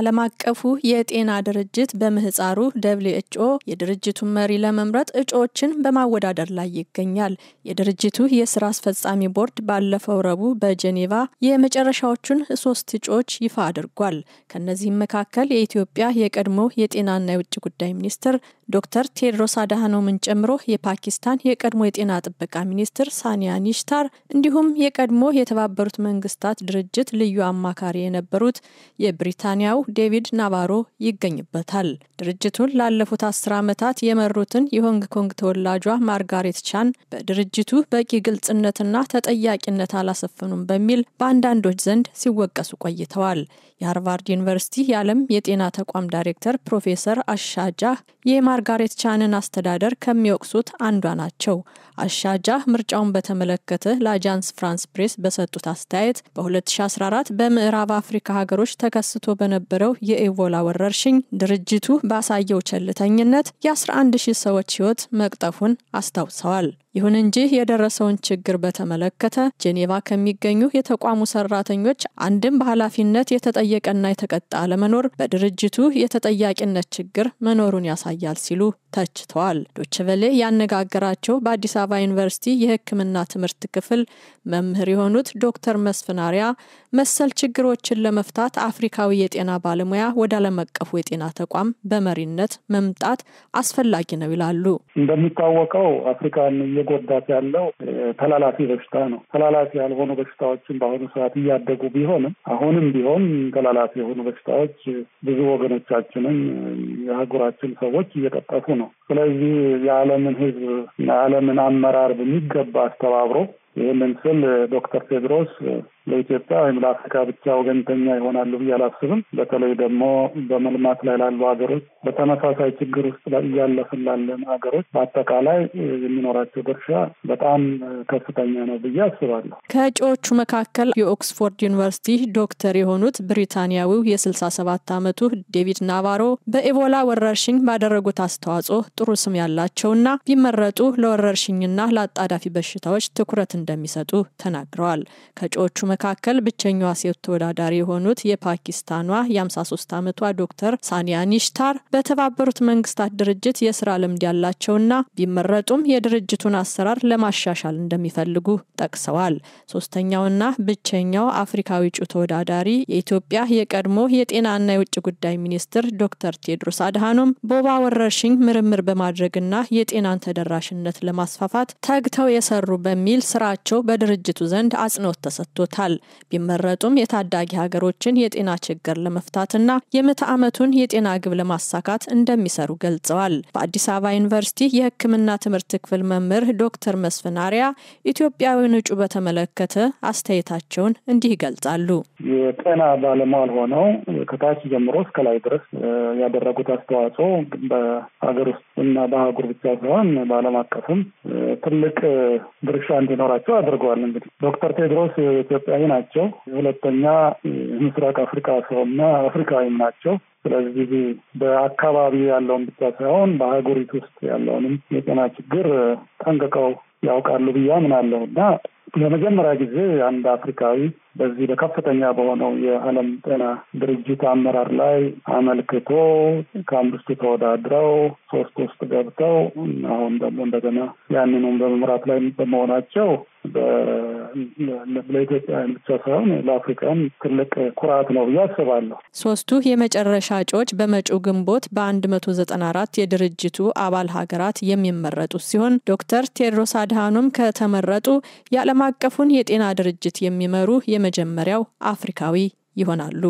ዓለም አቀፉ የጤና ድርጅት በምህፃሩ ደብሊው ኤችኦ የድርጅቱን መሪ ለመምረጥ እጩዎችን በማወዳደር ላይ ይገኛል። የድርጅቱ የስራ አስፈጻሚ ቦርድ ባለፈው ረቡዕ በጄኔቫ የመጨረሻዎቹን ሶስት እጩዎች ይፋ አድርጓል። ከእነዚህም መካከል የኢትዮጵያ የቀድሞ የጤናና የውጭ ጉዳይ ሚኒስትር ዶክተር ቴድሮስ አድሃኖምን ጨምሮ የፓኪስታን የቀድሞ የጤና ጥበቃ ሚኒስትር ሳኒያ ኒሽታር እንዲሁም የቀድሞ የተባበሩት መንግስታት ድርጅት ልዩ አማካሪ የነበሩት የብሪታንያው ዴቪድ ናቫሮ ይገኝበታል። ድርጅቱን ላለፉት አስር ዓመታት የመሩትን የሆንግ ኮንግ ተወላጇ ማርጋሬት ቻን በድርጅቱ በቂ ግልጽነትና ተጠያቂነት አላሰፈኑም በሚል በአንዳንዶች ዘንድ ሲወቀሱ ቆይተዋል። የሃርቫርድ ዩኒቨርሲቲ የዓለም የጤና ተቋም ዳይሬክተር ፕሮፌሰር አሻጃህ የማ ጋር ቻንን አስተዳደር ከሚወቅሱት አንዷ ናቸው። አሻጃህ ምርጫውን በተመለከተ ለአጃንስ ፍራንስ ፕሬስ በሰጡት አስተያየት በ2014 በምዕራብ አፍሪካ ሀገሮች ተከስቶ በነበረው የኤቮላ ወረርሽኝ ድርጅቱ ባሳየው ቸልተኝነት የ11 ሺህ ሰዎች ሕይወት መቅጠፉን አስታውሰዋል። ይሁን እንጂ የደረሰውን ችግር በተመለከተ ጄኔቫ ከሚገኙ የተቋሙ ሰራተኞች አንድም በኃላፊነት የተጠየቀና የተቀጣ አለመኖር በድርጅቱ የተጠያቂነት ችግር መኖሩን ያሳያል ሲሉ ተችተዋል። ዶችቨሌ ያነጋገራቸው በአዲስ አበባ ዩኒቨርሲቲ የሕክምና ትምህርት ክፍል መምህር የሆኑት ዶክተር መስፍናሪያ መሰል ችግሮችን ለመፍታት አፍሪካዊ የጤና ባለሙያ ወደ ዓለም አቀፉ የጤና ተቋም በመሪነት መምጣት አስፈላጊ ነው ይላሉ። እንደሚታወቀው አፍሪካን እየጎዳት ያለው ተላላፊ በሽታ ነው። ተላላፊ ያልሆኑ በሽታዎችን በአሁኑ ሰዓት እያደጉ ቢሆንም አሁንም ቢሆን ተላላፊ የሆኑ በሽታዎች ብዙ ወገኖቻችንን የአህጉራችን ሰዎች እየቀጠፉ ነው። ስለዚህ የዓለምን ሕዝብ የዓለምን አመራር በሚገባ አስተባብሮ ይህንን ስል ዶክተር ቴድሮስ ለኢትዮጵያ ወይም ለአፍሪካ ብቻ ወገንተኛ ይሆናሉ ብዬ አላስብም። በተለይ ደግሞ በመልማት ላይ ላሉ ሀገሮች፣ በተመሳሳይ ችግር ውስጥ እያለፍን ላለን ሀገሮች በአጠቃላይ የሚኖራቸው ድርሻ በጣም ከፍተኛ ነው ብዬ አስባለሁ። ከእጩዎቹ መካከል የኦክስፎርድ ዩኒቨርሲቲ ዶክተር የሆኑት ብሪታንያዊው የ ሰባት ዓመቱ ዴቪድ ናቫሮ በኢቦላ ወረርሽኝ ባደረጉት አስተዋጽኦ ጥሩ ስም ያላቸውና ቢመረጡ ለወረርሽኝና ለአጣዳፊ በሽታዎች ትኩረት እንደሚሰጡ ተናግረዋል። ከእጩዎቹ መካከል ብቸኛዋ ሴት ተወዳዳሪ የሆኑት የፓኪስታኗ የ53 ዓመቷ ዶክተር ሳኒያ ኒሽታር በተባበሩት መንግስታት ድርጅት የስራ ልምድ ያላቸውና ቢመረጡም የድርጅቱን አሰራር ለማሻሻል እንደሚፈልጉ ጠቅሰዋል። ሶስተኛውና ብቸኛው አፍሪካዊ እጩ ተወዳዳሪ የኢትዮጵያ የቀድሞ የጤናና የውጭ ጉዳይ ሚኒስትር ዶክተር ቴድሮስ አድሃኖም በወባ ወረርሽኝ ምርምር በማድረግና የጤናን ተደራሽነት ለማስፋፋት ተግተው የሰሩ በሚል ስራቸው በድርጅቱ ዘንድ አጽንኦት ተሰጥቶታል። ይገኙበታል። ቢመረጡም የታዳጊ ሀገሮችን የጤና ችግር ለመፍታትና የምዕተ ዓመቱን የጤና ግብ ለማሳካት እንደሚሰሩ ገልጸዋል። በአዲስ አበባ ዩኒቨርሲቲ የሕክምና ትምህርት ክፍል መምህር ዶክተር መስፍን አሪያ ኢትዮጵያውያን እጩ በተመለከተ አስተያየታቸውን እንዲህ ይገልጻሉ። የጤና ባለሙያ ሆነው ከታች ጀምሮ እስከ ላይ ድረስ ያደረጉት አስተዋጽኦ በሀገር ውስጥ እና በአህጉር ብቻ ሳይሆን በዓለም አቀፍም ትልቅ ድርሻ እንዲኖራቸው አድርገዋል። እንግዲህ ዶክተር ቴድሮስ ኢትዮጵያዊ ናቸው። ሁለተኛ ምስራቅ አፍሪካ ሰውና አፍሪካዊም ናቸው። ስለዚህ በአካባቢ ያለውን ብቻ ሳይሆን በሀገሪቱ ውስጥ ያለውንም የጤና ችግር ጠንቅቀው ያውቃሉ ብዬ አምናለሁ እና ለመጀመሪያ ጊዜ አንድ አፍሪካዊ በዚህ በከፍተኛ በሆነው የዓለም ጤና ድርጅት አመራር ላይ አመልክቶ ከአምስቱ ተወዳድረው ሶስት ውስጥ ገብተው አሁን ደግሞ እንደገና ያንኑም በመምራት ላይ በመሆናቸው ለኢትዮጵያ ብቻ ሳይሆን ለአፍሪካም ትልቅ ኩራት ነው ብዬ አስባለሁ። ሶስቱ የመጨረሻ እጩዎች በመጪው ግንቦት በአንድ መቶ ዘጠና አራት የድርጅቱ አባል ሀገራት የሚመረጡ ሲሆን ዶክተር ቴድሮስ አድሃኖም ከተመረጡ የዓለም ዓለም አቀፉን የጤና ድርጅት የሚመሩ የመጀመሪያው አፍሪካዊ ይሆናሉ።